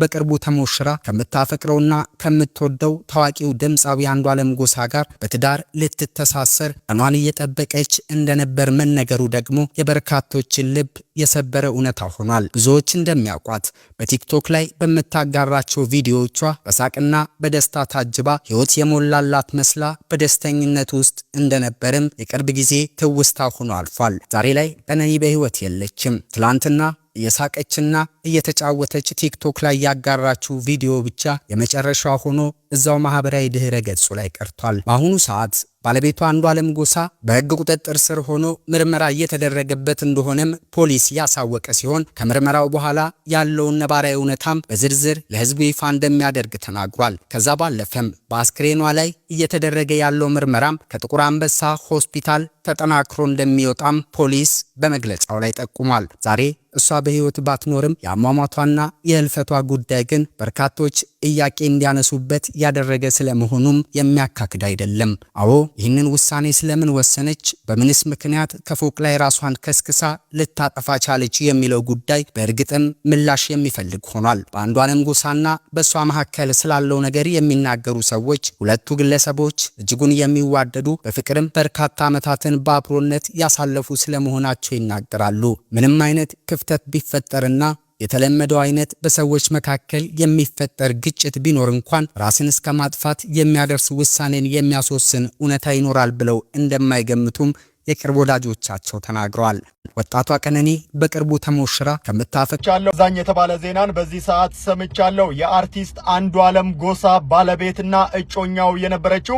በቅርቡ ተሞሽራ ከምታፈቅረውና ከምትወደው ታዋቂው ድምፃዊ አንዷለም ጎሳ ጋር በትዳር ልትተሳሰር ቀኗን እየጠበቀች እንደነበር መነገሩ ደግሞ የበርካቶችን ልብ የሰበረ እውነታ ሆኗል። ብዙዎች እንደሚያውቋት በቲክቶክ ላይ በምታጋራቸው ቪዲዮዎቿ በሳቅና በደስታ ታጅባ ሕይወት የሞላላት መስላ በደስተኝነት ውስጥ እንደነበርም የቅርብ ጊዜ ትውስታ ሆኖ አልፏል። ዛሬ ላይ ቀነኒ በሕይወት የለችም። ትላንትና እየሳቀችና እየተጫወተች ቲክቶክ ላይ ያጋራችው ቪዲዮ ብቻ የመጨረሻ ሆኖ እዛው ማህበራዊ ድህረ ገጹ ላይ ቀርቷል። በአሁኑ ሰዓት ባለቤቷ አንዷለም ጎሳ በህግ ቁጥጥር ስር ሆኖ ምርመራ እየተደረገበት እንደሆነም ፖሊስ ያሳወቀ ሲሆን ከምርመራው በኋላ ያለውን ነባራዊ እውነታም በዝርዝር ለህዝቡ ይፋ እንደሚያደርግ ተናግሯል። ከዛ ባለፈም በአስክሬኗ ላይ እየተደረገ ያለው ምርመራም ከጥቁር አንበሳ ሆስፒታል ተጠናክሮ እንደሚወጣም ፖሊስ በመግለጫው ላይ ጠቁሟል። ዛሬ እሷ በሕይወት ባትኖርም የአሟሟቷና የህልፈቷ ጉዳይ ግን በርካቶች ጥያቄ እንዲያነሱበት ያደረገ ስለመሆኑም የሚያካክድ አይደለም። አዎ ይህንን ውሳኔ ስለምን ወሰነች፣ በምንስ ምክንያት ከፎቅ ላይ ራሷን ከስክሳ ልታጠፋ ቻለች የሚለው ጉዳይ በእርግጥም ምላሽ የሚፈልግ ሆኗል። በአንዷለም ጎሳና በእሷ መካከል ስላለው ነገር የሚናገሩ ሰዎች ሁለቱ ግለሰቦች እጅጉን የሚዋደዱ በፍቅርም በርካታ ዓመታትን በአብሮነት ያሳለፉ ስለመሆናቸው ይናገራሉ። ምንም አይነት ክፍ ክፍተት ቢፈጠርና የተለመደው አይነት በሰዎች መካከል የሚፈጠር ግጭት ቢኖር እንኳን ራስን እስከ ማጥፋት የሚያደርስ ውሳኔን የሚያስወስን እውነታ ይኖራል ብለው እንደማይገምቱም የቅርብ ወዳጆቻቸው ተናግረዋል። ወጣቷ ቀነኒ በቅርቡ ተሞሽራ ከምታፈቻለው ዛኝ የተባለ ዜናን በዚህ ሰዓት ሰምቻለሁ። የአርቲስት አንዱ አለም ጎሳ ባለቤትና እጮኛው የነበረችው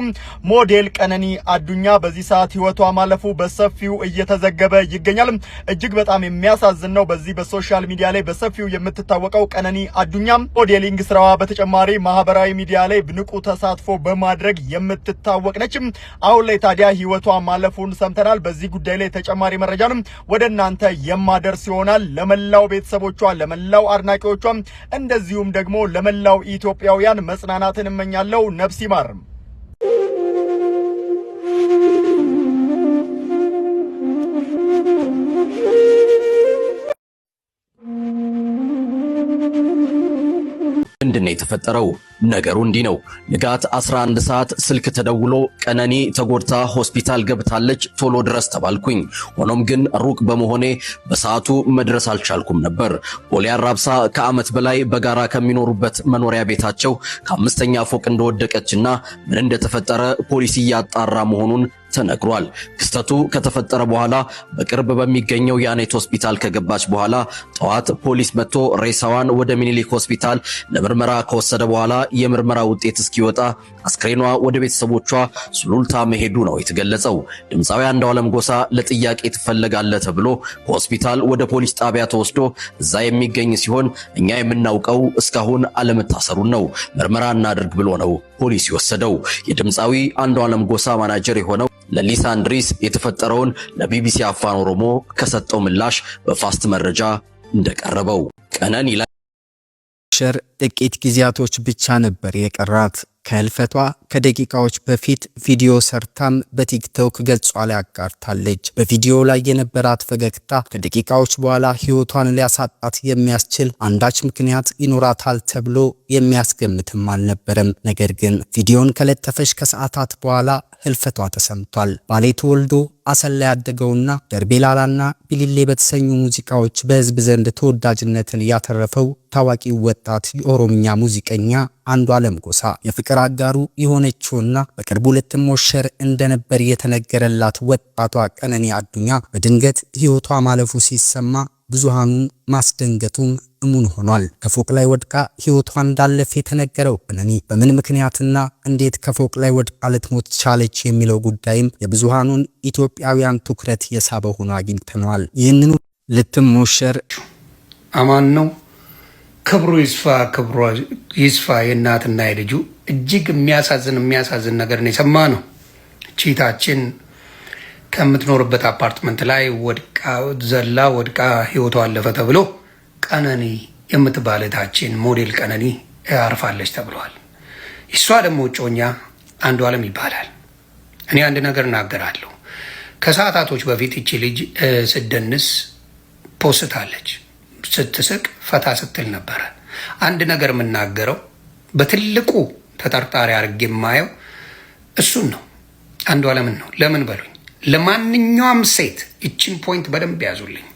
ሞዴል ቀነኒ አዱኛ በዚህ ሰዓት ህይወቷ ማለፉ በሰፊው እየተዘገበ ይገኛል። እጅግ በጣም የሚያሳዝን ነው። በዚህ በሶሻል ሚዲያ ላይ በሰፊው የምትታወቀው ቀነኒ አዱኛ ሞዴሊንግ ስራዋ በተጨማሪ ማህበራዊ ሚዲያ ላይ ንቁ ተሳትፎ በማድረግ የምትታወቅ ነች። አሁን ላይ ታዲያ ህይወቷ ማለፉን ሰምተናል። በዚህ ጉዳይ ላይ ተጨማሪ መረጃንም ወደ ወደ እናንተ የማደርስ ይሆናል። ለመላው ቤተሰቦቿ፣ ለመላው አድናቂዎቿም እንደዚሁም ደግሞ ለመላው ኢትዮጵያውያን መጽናናትን እመኛለሁ። ነፍስ ይማር። ምንድን ነው የተፈጠረው? ነገሩ እንዲህ ነው። ንጋት 11 ሰዓት ስልክ ተደውሎ ቀነኒ ተጎድታ ሆስፒታል ገብታለች ቶሎ ድረስ ተባልኩኝ። ሆኖም ግን ሩቅ በመሆኔ በሰዓቱ መድረስ አልቻልኩም ነበር። ቦሌ አራብሳ ከዓመት በላይ በጋራ ከሚኖሩበት መኖሪያ ቤታቸው ከአምስተኛ ፎቅ እንደወደቀችና ምን እንደተፈጠረ ፖሊስ እያጣራ መሆኑን ተነግሯል። ክስተቱ ከተፈጠረ በኋላ በቅርብ በሚገኘው የአኔት ሆስፒታል ከገባች በኋላ ጠዋት ፖሊስ መጥቶ ሬሳዋን ወደ ሚኒሊክ ሆስፒታል ለምርመራ ከወሰደ በኋላ የምርመራ ውጤት እስኪወጣ አስክሬኗ ወደ ቤተሰቦቿ ሱሉልታ መሄዱ ነው የተገለጸው። ድምፃዊ አንዷለም ጎሳ ለጥያቄ ትፈለጋለህ ተብሎ ከሆስፒታል ወደ ፖሊስ ጣቢያ ተወስዶ እዛ የሚገኝ ሲሆን እኛ የምናውቀው እስካሁን አለመታሰሩን ነው። ምርመራ እናድርግ ብሎ ነው ፖሊስ ይወሰደው የድምፃዊ አንዱ ዓለም ጎሳ ማናጀር የሆነው ለሊሳ አንድሪስ የተፈጠረውን ለቢቢሲ አፋን ኦሮሞ ከሰጠው ምላሽ በፋስት መረጃ እንደቀረበው ቀነኒ ላይ ጥቂት ጊዜያቶች ብቻ ነበር የቀራት። ከህልፈቷ ከደቂቃዎች በፊት ቪዲዮ ሰርታም በቲክቶክ ገጿ ላይ አጋርታለች። በቪዲዮ ላይ የነበራት ፈገግታ ከደቂቃዎች በኋላ ህይወቷን ሊያሳጣት የሚያስችል አንዳች ምክንያት ይኖራታል ተብሎ የሚያስገምትም አልነበረም። ነገር ግን ቪዲዮን ከለጠፈች ከሰዓታት በኋላ ህልፈቷ ተሰምቷል። ባሌ ተወልዶ አሰላ ያደገውና ደርቤ ላላና ቢሊሌ በተሰኙ ሙዚቃዎች በህዝብ ዘንድ ተወዳጅነትን ያተረፈው ታዋቂው ወጣት የኦሮምኛ ሙዚቀኛ አንዱ አለም ጎሳ የፍቅር አጋሩ የሆነችውና በቅርቡ ልትሞሸር እንደነበር የተነገረላት ወጣቷ ቀነኒ አዱኛ በድንገት ህይወቷ ማለፉ ሲሰማ ብዙሃኑ ማስደንገቱም እሙን ሆኗል። ከፎቅ ላይ ወድቃ ሕይወቷ እንዳለፈ የተነገረው ብነኒ በምን ምክንያትና እንዴት ከፎቅ ላይ ወድቃ ልትሞት ቻለች የሚለው ጉዳይም የብዙሃኑን ኢትዮጵያውያን ትኩረት የሳበ ሆኖ አግኝተነዋል። ይህንኑ ልትሞሸር አማን ነው። ክብሩ ይስፋ፣ ክብሩ ይስፋ። የእናትና የልጁ እጅግ የሚያሳዝን የሚያሳዝን ነገር የሰማ ነው ቺታችን ከምትኖርበት አፓርትመንት ላይ ወድቃ ዘላ ወድቃ ህይወቷ አለፈ ተብሎ ቀነኒ የምትባል እህታችን ሞዴል ቀነኒ አርፋለች ተብሏል። እሷ ደግሞ እጮኛ አንዱ አለም ይባላል። እኔ አንድ ነገር እናገራለሁ። ከሰዓታቶች በፊት እቺ ልጅ ስደንስ ፖስታለች። ስትስቅ ፈታ ስትል ነበረ። አንድ ነገር የምናገረው በትልቁ ተጠርጣሪ አድርጌ የማየው እሱን ነው፣ አንዱ አለምን ነው። ለምን በሉኝ ለማንኛውም ሴት ይችን ፖይንት በደንብ ያዙልኝ።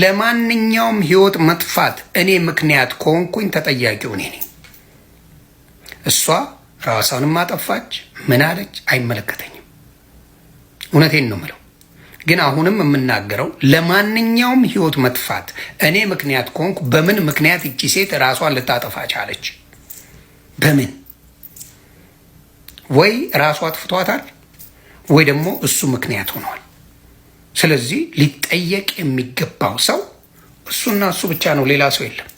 ለማንኛውም ህይወት መጥፋት እኔ ምክንያት ከሆንኩኝ ተጠያቂው እኔ ነኝ። እሷ ራሷንም አጠፋች፣ ምን አለች አይመለከተኝም። እውነቴን ነው ምለው። ግን አሁንም የምናገረው ለማንኛውም ህይወት መጥፋት እኔ ምክንያት ከሆንኩ በምን ምክንያት ይቺ ሴት ራሷን ልታጠፋ ቻለች? በምን ወይ ራሷ አጥፍቷታል ወይ ደግሞ እሱ ምክንያት ሆነዋል። ስለዚህ ሊጠየቅ የሚገባው ሰው እሱና እሱ ብቻ ነው፣ ሌላ ሰው የለም።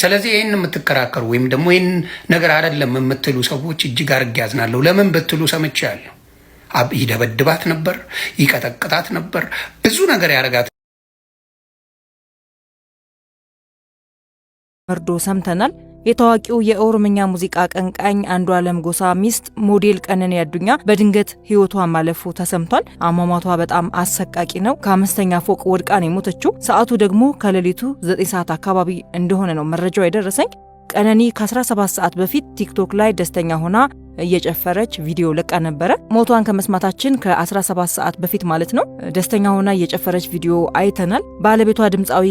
ስለዚህ ይህን የምትከራከሩ ወይም ደግሞ ይህን ነገር አይደለም የምትሉ ሰዎች እጅግ አድርጌ ያዝናለሁ። ለምን ብትሉ ሰምቼ ያለሁ ይደበድባት ነበር፣ ይቀጠቅጣት ነበር፣ ብዙ ነገር ያደርጋት መርዶ ሰምተናል። የታዋቂው የኦሮምኛ ሙዚቃ አቀንቃኝ አንዱዓለም ጎሳ ሚስት ሞዴል ቀነኒ አዱኛ በድንገት ህይወቷ ማለፉ ተሰምቷል። አሟሟቷ በጣም አሰቃቂ ነው። ከአምስተኛ ፎቅ ወድቃ ነው የሞተችው። ሰዓቱ ደግሞ ከሌሊቱ 9 ሰዓት አካባቢ እንደሆነ ነው መረጃው የደረሰኝ። ቀነኒ ከ17 ሰዓት በፊት ቲክቶክ ላይ ደስተኛ ሆና እየጨፈረች ቪዲዮ ለቃ ነበረ። ሞቷን ከመስማታችን ከ17 ሰዓት በፊት ማለት ነው። ደስተኛ ሆና እየጨፈረች ቪዲዮ አይተናል። ባለቤቷ ድምፃዊ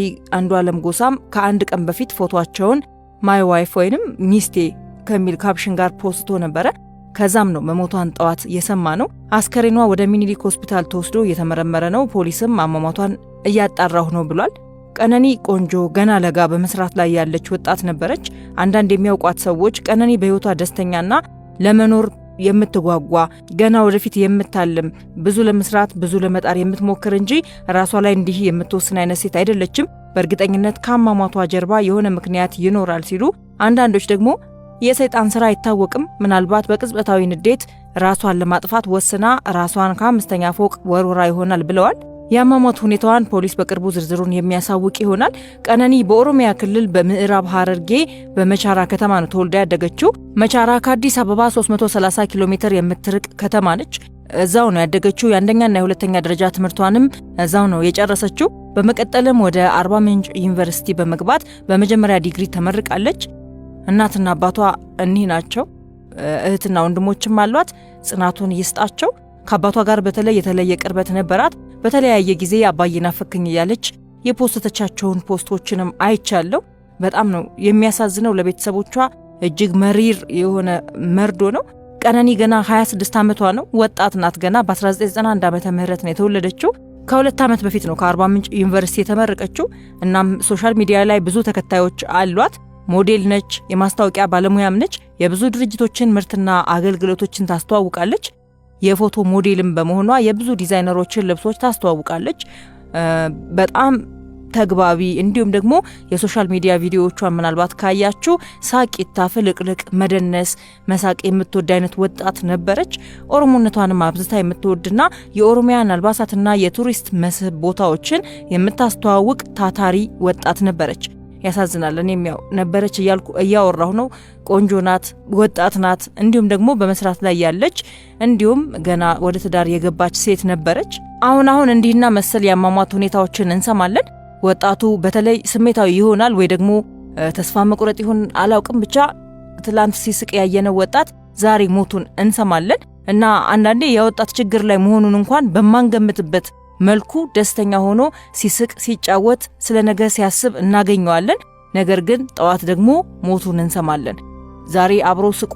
አለም ጎሳም ከአንድ ቀን በፊት ፎቶቸውን ማይ ዋይፍ ወይንም ሚስቴ ከሚል ካፕሽን ጋር ፖስቶ ነበረ። ከዛም ነው መሞቷን ጠዋት የሰማ ነው። አስከሬኗ ወደ ሚኒሊክ ሆስፒታል ተወስዶ እየተመረመረ ነው። ፖሊስም አሟሟቷን እያጣራሁ ነው ብሏል። ቀነኒ ቆንጆ ገና ለጋ በመስራት ላይ ያለች ወጣት ነበረች። አንዳንድ የሚያውቋት ሰዎች ቀነኒ በሕይወቷ ደስተኛና ለመኖር የምትጓጓ ገና ወደፊት የምታልም ብዙ ለመስራት ብዙ ለመጣር የምትሞክር እንጂ ራሷ ላይ እንዲህ የምትወስን አይነት ሴት አይደለችም። በእርግጠኝነት ከአሟሟቷ ጀርባ የሆነ ምክንያት ይኖራል ሲሉ አንዳንዶች ደግሞ የሰይጣን ስራ አይታወቅም፣ ምናልባት በቅጽበታዊ ንዴት ራሷን ለማጥፋት ወስና ራሷን ከአምስተኛ ፎቅ ወርውራ ይሆናል ብለዋል። የአሟሟት ሁኔታዋን ፖሊስ በቅርቡ ዝርዝሩን የሚያሳውቅ ይሆናል። ቀነኒ በኦሮሚያ ክልል በምዕራብ ሀረርጌ በመቻራ ከተማ ነው ተወልዳ ያደገችው። መቻራ ከአዲስ አበባ 330 ኪሎ ሜትር የምትርቅ ከተማ ነች። እዛው ነው ያደገችው። የአንደኛና የሁለተኛ ደረጃ ትምህርቷንም እዛው ነው የጨረሰችው። በመቀጠልም ወደ አርባ ምንጭ ዩኒቨርሲቲ በመግባት በመጀመሪያ ዲግሪ ተመርቃለች። እናትና አባቷ እኒህ ናቸው። እህትና ወንድሞችም አሏት። ጽናቱን ይስጣቸው። ከአባቷ ጋር በተለይ የተለየ ቅርበት ነበራት። በተለያየ ጊዜ አባዬን አፈክኝ እያለች የፖስተቻቸውን ፖስቶችንም አይቻለሁ። በጣም ነው የሚያሳዝነው። ለቤተሰቦቿ እጅግ መሪር የሆነ መርዶ ነው። ቀነኒ ገና 26 ዓመቷ ነው፣ ወጣት ናት። ገና በ1991 ዓ ም ነው የተወለደችው። ከሁለት ዓመት በፊት ነው ከአርባ ምንጭ ዩኒቨርሲቲ የተመረቀችው። እናም ሶሻል ሚዲያ ላይ ብዙ ተከታዮች አሏት። ሞዴል ነች፣ የማስታወቂያ ባለሙያም ነች። የብዙ ድርጅቶችን ምርትና አገልግሎቶችን ታስተዋውቃለች። የፎቶ ሞዴልም በመሆኗ የብዙ ዲዛይነሮችን ልብሶች ታስተዋውቃለች። በጣም ተግባቢ እንዲሁም ደግሞ የሶሻል ሚዲያ ቪዲዮዎቿን ምናልባት ካያችሁ ሳቂታ፣ ፍልቅልቅ፣ መደነስ፣ መሳቅ የምትወድ አይነት ወጣት ነበረች። ኦሮሞነቷንም አብዝታ የምትወድና የኦሮሚያን አልባሳትና የቱሪስት መስህብ ቦታዎችን የምታስተዋውቅ ታታሪ ወጣት ነበረች። ያሳዝናል። እኔም ያው ነበረች እያልኩ እያወራሁ ነው። ቆንጆ ናት፣ ወጣት ናት፣ እንዲሁም ደግሞ በመስራት ላይ ያለች እንዲሁም ገና ወደ ትዳር የገባች ሴት ነበረች። አሁን አሁን እንዲህና መሰል የአሟሟት ሁኔታዎችን እንሰማለን። ወጣቱ በተለይ ስሜታዊ ይሆናል ወይ ደግሞ ተስፋ መቁረጥ ይሁን አላውቅም። ብቻ ትላንት ሲስቅ ያየነው ወጣት ዛሬ ሞቱን እንሰማለን እና አንዳንዴ የወጣት ችግር ላይ መሆኑን እንኳን በማንገምትበት መልኩ ደስተኛ ሆኖ ሲስቅ፣ ሲጫወት፣ ስለ ነገ ሲያስብ እናገኘዋለን። ነገር ግን ጠዋት ደግሞ ሞቱን እንሰማለን። ዛሬ አብሮ ስቆ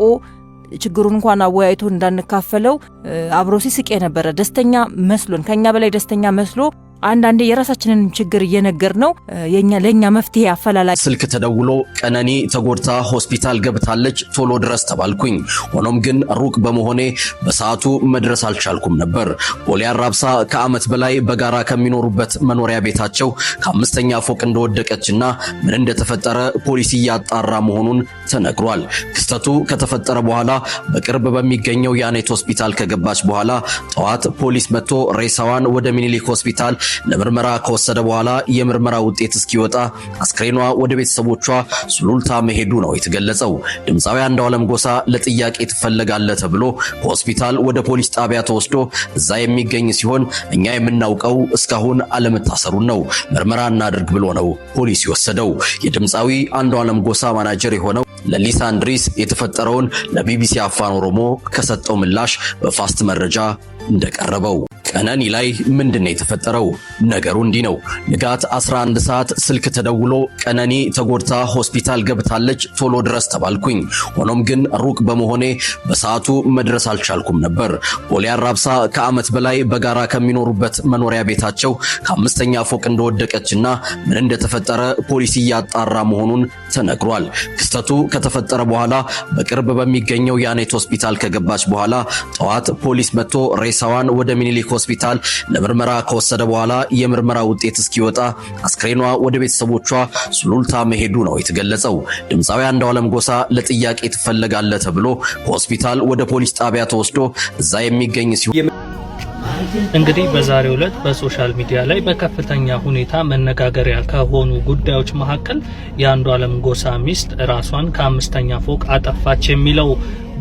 ችግሩን እንኳን አወያይቶ እንዳንካፈለው አብሮ ሲስቅ የነበረ ደስተኛ መስሎን ከኛ በላይ ደስተኛ መስሎ አንዳንዴ የራሳችንን ችግር እየነገር ነው የኛ ለእኛ መፍትሄ አፈላላጊ ስልክ ተደውሎ ቀነኒ ተጎድታ ሆስፒታል ገብታለች ቶሎ ድረስ ተባልኩኝ። ሆኖም ግን ሩቅ በመሆኔ በሰዓቱ መድረስ አልቻልኩም ነበር። ቦሌ አራብሳ ከዓመት በላይ በጋራ ከሚኖሩበት መኖሪያ ቤታቸው ከአምስተኛ ፎቅ እንደወደቀችና ምን እንደተፈጠረ ፖሊስ እያጣራ መሆኑን ተነግሯል። ክስተቱ ከተፈጠረ በኋላ በቅርብ በሚገኘው የአኔት ሆስፒታል ከገባች በኋላ ጠዋት ፖሊስ መጥቶ ሬሳዋን ወደ ሚኒሊክ ሆስፒታል ለምርመራ ከወሰደ በኋላ የምርመራ ውጤት እስኪወጣ አስክሬኗ ወደ ቤተሰቦቿ ሱሉልታ መሄዱ ነው የተገለጸው። ድምፃዊ አንዷለም ጎሳ ለጥያቄ ትፈለጋለህ ተብሎ ከሆስፒታል ወደ ፖሊስ ጣቢያ ተወስዶ እዛ የሚገኝ ሲሆን እኛ የምናውቀው እስካሁን አለመታሰሩን ነው። ምርመራ እናድርግ ብሎ ነው ፖሊስ የወሰደው። የድምፃዊ አንዷለም ጎሳ ማናጀር የሆነው ለሊሳንድሪስ የተፈጠረውን ለቢቢሲ አፋን ኦሮሞ ከሰጠው ምላሽ በፋስት መረጃ እንደቀረበው ቀነኒ ላይ ምንድነው የተፈጠረው? ነገሩ እንዲህ ነው። ንጋት 11 ሰዓት ስልክ ተደውሎ ቀነኒ ተጎድታ ሆስፒታል ገብታለች ቶሎ ድረስ ተባልኩኝ። ሆኖም ግን ሩቅ በመሆኔ በሰዓቱ መድረስ አልቻልኩም ነበር። ቦሌ አራብሳ ከዓመት በላይ በጋራ ከሚኖሩበት መኖሪያ ቤታቸው ከአምስተኛ ፎቅ እንደወደቀችና ምን እንደተፈጠረ ፖሊስ እያጣራ መሆኑን ተነግሯል። ክስተቱ ከተፈጠረ በኋላ በቅርብ በሚገኘው የአኔት ሆስፒታል ከገባች በኋላ ጠዋት ፖሊስ መጥቶ ሬሳዋን ወደ ሚኒሊክ ሆስፒታል ለምርመራ ከወሰደ በኋላ የምርመራ ውጤት እስኪወጣ አስክሬኗ ወደ ቤተሰቦቿ ሱሉልታ መሄዱ ነው የተገለጸው። ድምፃዊ አንዷለም ጎሳ ለጥያቄ ትፈለጋለህ ተብሎ ከሆስፒታል ወደ ፖሊስ ጣቢያ ተወስዶ እዛ የሚገኝ ሲሆን እንግዲህ በዛሬው ዕለት በሶሻል ሚዲያ ላይ በከፍተኛ ሁኔታ መነጋገሪያ ከሆኑ ጉዳዮች መካከል አለም ጎሳ ሚስት ራሷን ከአምስተኛ ፎቅ አጠፋች የሚለው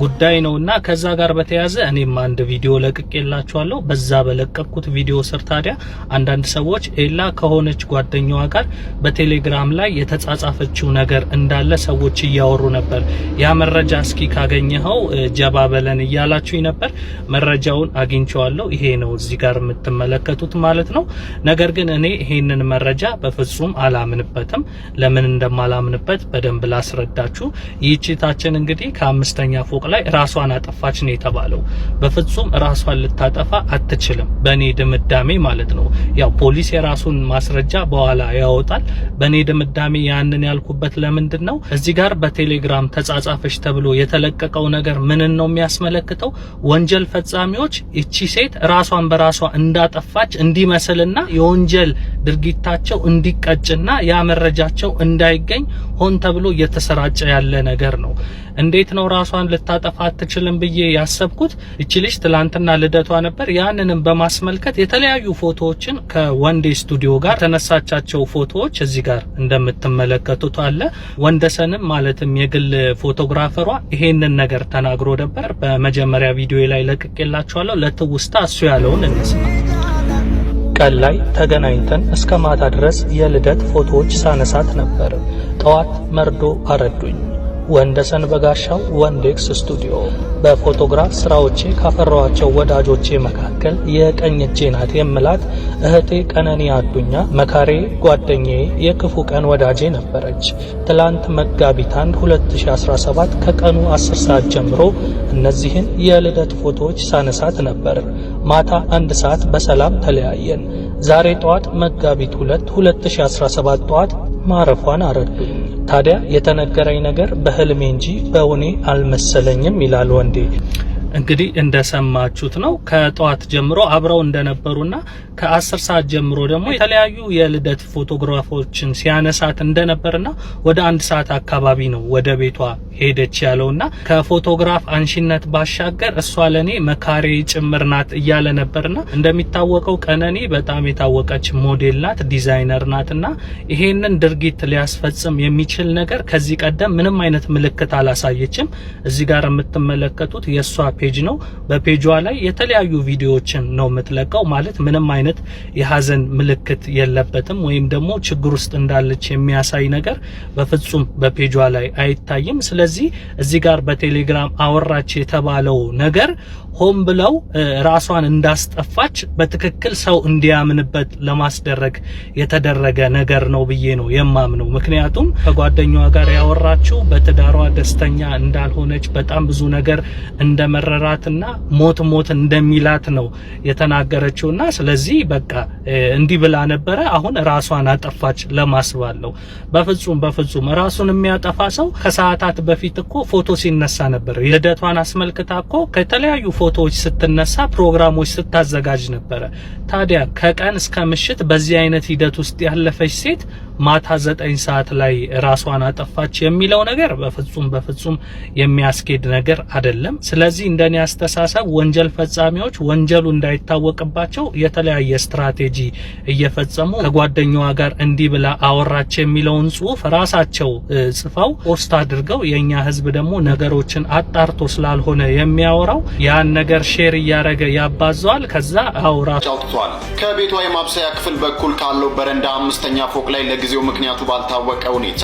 ጉዳይ ነው እና ከዛ ጋር በተያያዘ እኔም አንድ ቪዲዮ ለቅቄላችኋለሁ። በዛ በለቀቅኩት ቪዲዮ ስር ታዲያ አንዳንድ ሰዎች ኤላ ከሆነች ጓደኛዋ ጋር በቴሌግራም ላይ የተጻጻፈችው ነገር እንዳለ ሰዎች እያወሩ ነበር። ያ መረጃ እስኪ ካገኘኸው ጀባ በለን እያላችሁኝ ነበር። መረጃውን አግኝቼዋለሁ። ይሄ ነው እዚህ ጋር የምትመለከቱት ማለት ነው። ነገር ግን እኔ ይሄንን መረጃ በፍጹም አላምንበትም። ለምን እንደማላምንበት በደንብ ላስረዳችሁ። ይህቺታችን እንግዲህ ከአምስተኛ ፎቅ ላይ ራሷን አጠፋች ነው የተባለው። በፍጹም ራሷን ልታጠፋ አትችልም፣ በእኔ ድምዳሜ ማለት ነው። ያው ፖሊስ የራሱን ማስረጃ በኋላ ያወጣል። በእኔ ድምዳሜ ያንን ያልኩበት ለምንድን ነው? እዚህ ጋር በቴሌግራም ተጻጻፈች ተብሎ የተለቀቀው ነገር ምንን ነው የሚያስመለክተው? ወንጀል ፈጻሚዎች እቺ ሴት ራሷን በራሷ እንዳጠፋች እንዲመስልና የወንጀል ድርጊታቸው እንዲቀጭና ያ መረጃቸው እንዳይገኝ ሆን ተብሎ እየተሰራጨ ያለ ነገር ነው። እንዴት ነው ራሷን ልታጠፋ አትችልም ብዬ ያሰብኩት። እቺ ልጅ ትላንትና ልደቷ ነበር። ያንንም በማስመልከት የተለያዩ ፎቶዎችን ከወንዴ ስቱዲዮ ጋር ተነሳቻቸው ፎቶዎች እዚህ ጋር እንደምትመለከቱት አለ። ወንደሰንም ማለትም የግል ፎቶግራፈሯ ይሄንን ነገር ተናግሮ ነበር። በመጀመሪያ ቪዲዮ ላይ ለቅቄላችኋለሁ። ለትውስታ እሱ ያለውን እንስማ። ቀን ላይ ተገናኝተን እስከ ማታ ድረስ የልደት ፎቶዎች ሳነሳት ነበር። ጠዋት መርዶ አረዱኝ። ወንደሰን በጋሻው ወንዴክስ ስቱዲዮ በፎቶግራፍ ስራዎቼ ካፈራኋቸው ወዳጆቼ መካከል የቀኝ እጄ ናት የምላት እህቴ ቀነኒ አዱኛ መካሬ ጓደኛዬ፣ የክፉ ቀን ወዳጄ ነበረች። ትላንት መጋቢት 1 2017 ከቀኑ 10 ሰዓት ጀምሮ እነዚህን የልደት ፎቶዎች ሳነሳት ነበር። ማታ አንድ ሰዓት በሰላም ተለያየን። ዛሬ ጠዋት መጋቢት 2 2017 ጠዋት ማረፏን አረዱ። ታዲያ የተነገረኝ ነገር በህልሜ እንጂ በእውኔ አልመሰለኝም ይላል ወንዴ። እንግዲህ እንደሰማችሁት ነው። ከጠዋት ጀምሮ አብረው እንደነበሩና ከአስር ሰዓት ጀምሮ ደግሞ የተለያዩ የልደት ፎቶግራፎችን ሲያነሳት እንደነበርና ወደ አንድ ሰዓት አካባቢ ነው ወደ ቤቷ ሄደች ያለውና ከፎቶግራፍ አንሺነት ባሻገር እሷ ለኔ መካሬ ጭምር ናት እያለ ነበርና እንደሚታወቀው ቀነኒ በጣም የታወቀች ሞዴል ናት፣ ዲዛይነር ናት እና ይሄንን ድርጊት ሊያስፈጽም የሚችል ነገር ከዚህ ቀደም ምንም አይነት ምልክት አላሳየችም። እዚህ ጋር የምትመለከቱት የእሷ ፔጅ ነው። በፔጇ ላይ የተለያዩ ቪዲዮዎችን ነው የምትለቀው። ማለት ምንም አይነት የሀዘን ምልክት የለበትም ወይም ደግሞ ችግር ውስጥ እንዳለች የሚያሳይ ነገር በፍጹም በፔጇ ላይ አይታይም። ስለዚህ እዚህ ጋር በቴሌግራም አወራች የተባለው ነገር ሆን ብለው ራሷን እንዳስጠፋች በትክክል ሰው እንዲያምንበት ለማስደረግ የተደረገ ነገር ነው ብዬ ነው የማምነው። ምክንያቱም ከጓደኛዋ ጋር ያወራችው በትዳሯ ደስተኛ እንዳልሆነች በጣም ብዙ ነገር እንደመረራትና ሞት ሞት እንደሚላት ነው የተናገረችውና ስለዚህ በቃ እንዲህ ብላ ነበረ፣ አሁን ራሷን አጠፋች ለማስባል ነው። በፍጹም በፍጹም ራሱን የሚያጠፋ ሰው ከሰዓታት በፊት እኮ ፎቶ ሲነሳ ነበር። ልደቷን አስመልክታ እኮ ከተለያዩ ፎቶዎች ስትነሳ፣ ፕሮግራሞች ስታዘጋጅ ነበረ። ታዲያ ከቀን እስከ ምሽት በዚህ አይነት ሂደት ውስጥ ያለፈች ሴት ማታ ዘጠኝ ሰዓት ላይ ራሷን አጠፋች የሚለው ነገር በፍጹም በፍጹም የሚያስኬድ ነገር አይደለም። ስለዚህ እንደኔ አስተሳሰብ ወንጀል ፈጻሚዎች ወንጀሉ እንዳይታወቅባቸው የተለያየ ስትራቴጂ እየፈጸሙ ከጓደኛዋ ጋር እንዲህ ብላ አወራች የሚለውን ጽሁፍ ራሳቸው ጽፈው ፖስት አድርገው የእኛ ህዝብ ደግሞ ነገሮችን አጣርቶ ስላልሆነ የሚያወራው ያን ነገር ሼር እያደረገ ያባዘዋል። ከዛ አውራ ጫውትቷል። ከቤቷ የማብሰያ ክፍል በኩል ካለው በረንዳ አምስተኛ ፎቅ ላይ ለጊዜው ምክንያቱ ባልታወቀ ሁኔታ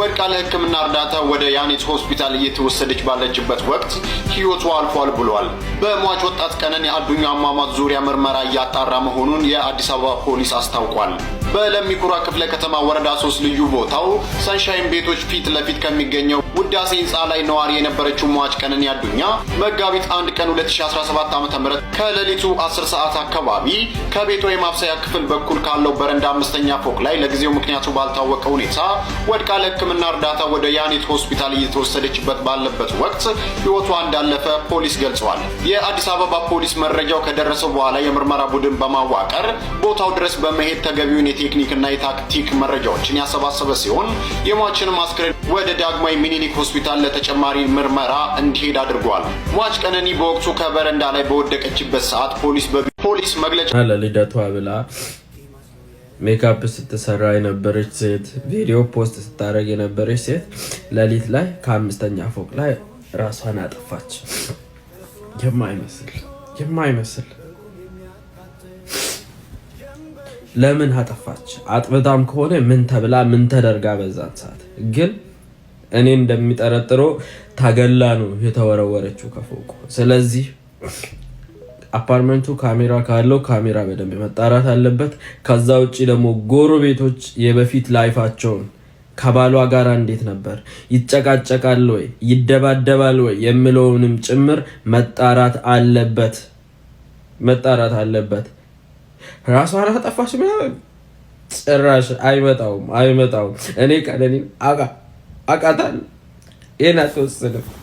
ወድቃ ለሕክምና እርዳታ ወደ ያኔት ሆስፒታል እየተወሰደች ባለችበት ወቅት ህይወቱ አልፏል ብሏል። በሟች ወጣት ቀነኒ አዱኛ አሟሟት ዙሪያ ምርመራ እያጣራ መሆኑን የአዲስ አበባ ፖሊስ አስታውቋል። በለሚኩራ ክፍለ ከተማ ወረዳ ሶስት ልዩ ቦታው ሰንሻይን ቤቶች ፊት ለፊት ከሚገኘው ውዳሴ ህንፃ ላይ ነዋሪ የነበረችው ሟች ቀነኒ አዱኛ መጋቢት አንድ ቀን 2017 .ም ከሌሊቱ 10 ሰዓት አካባቢ ከቤቷ የማብሰያ ክፍል በኩል ካለው በረንዳ አምስተኛ ፎቅ ላይ ለጊዜው ምክንያቱ ባልታወቀ ሁኔታ ወድቃ ለህክምና እርዳታ ወደ ያኔት ሆስፒታል እየተወሰደችበት ባለበት ወቅት ህይወቷ እንዳለፈ ፖሊስ ገልጸዋል። የአዲስ አበባ ፖሊስ መረጃው ከደረሰው በኋላ የምርመራ ቡድን በማዋቀር ቦታው ድረስ በመሄድ ተገቢውን እና የታክቲክ መረጃዎችን ያሰባሰበ ሲሆን የሟችን አስክሬን ወደ ዳግማዊ ሚኒሊክ ሆስፒታል ለተጨማሪ ምርመራ እንዲሄድ አድርጓል። ሟች ቀነኒ በወቅቱ ከበረንዳ ላይ በወደቀችበት ሰዓት ፖሊስ ፖሊስ መግለጫ ለልደቷ ብላ ሜካፕ ስትሰራ የነበረች ሴት ቪዲዮ ፖስት ስታደርግ የነበረች ሴት ሌሊት ላይ ከአምስተኛ ፎቅ ላይ ራሷን አጠፋች። የማይመስል የማይመስል ለምን አጠፋች? አጥብታም ከሆነ ምን ተብላ ምን ተደርጋ? በዛን ሰዓት ግን እኔ እንደሚጠረጥረው ታገላ ነው የተወረወረችው ከፎቁ። ስለዚህ አፓርትመንቱ ካሜራ ካለው ካሜራ በደንብ መጣራት አለበት። ከዛ ውጭ ደግሞ ጎረቤቶች የበፊት ላይፋቸውን ከባሏ ጋር እንዴት ነበር ይጨቃጨቃል ወይ ይደባደባል ወይ የሚለውንም ጭምር መጣራት አለበት መጣራት አለበት። ራሷ አላጠፋች ምናምን ጭራሽ አይመጣውም አይመጣውም። እኔ አቃ አቃታል ይህን አትወስንም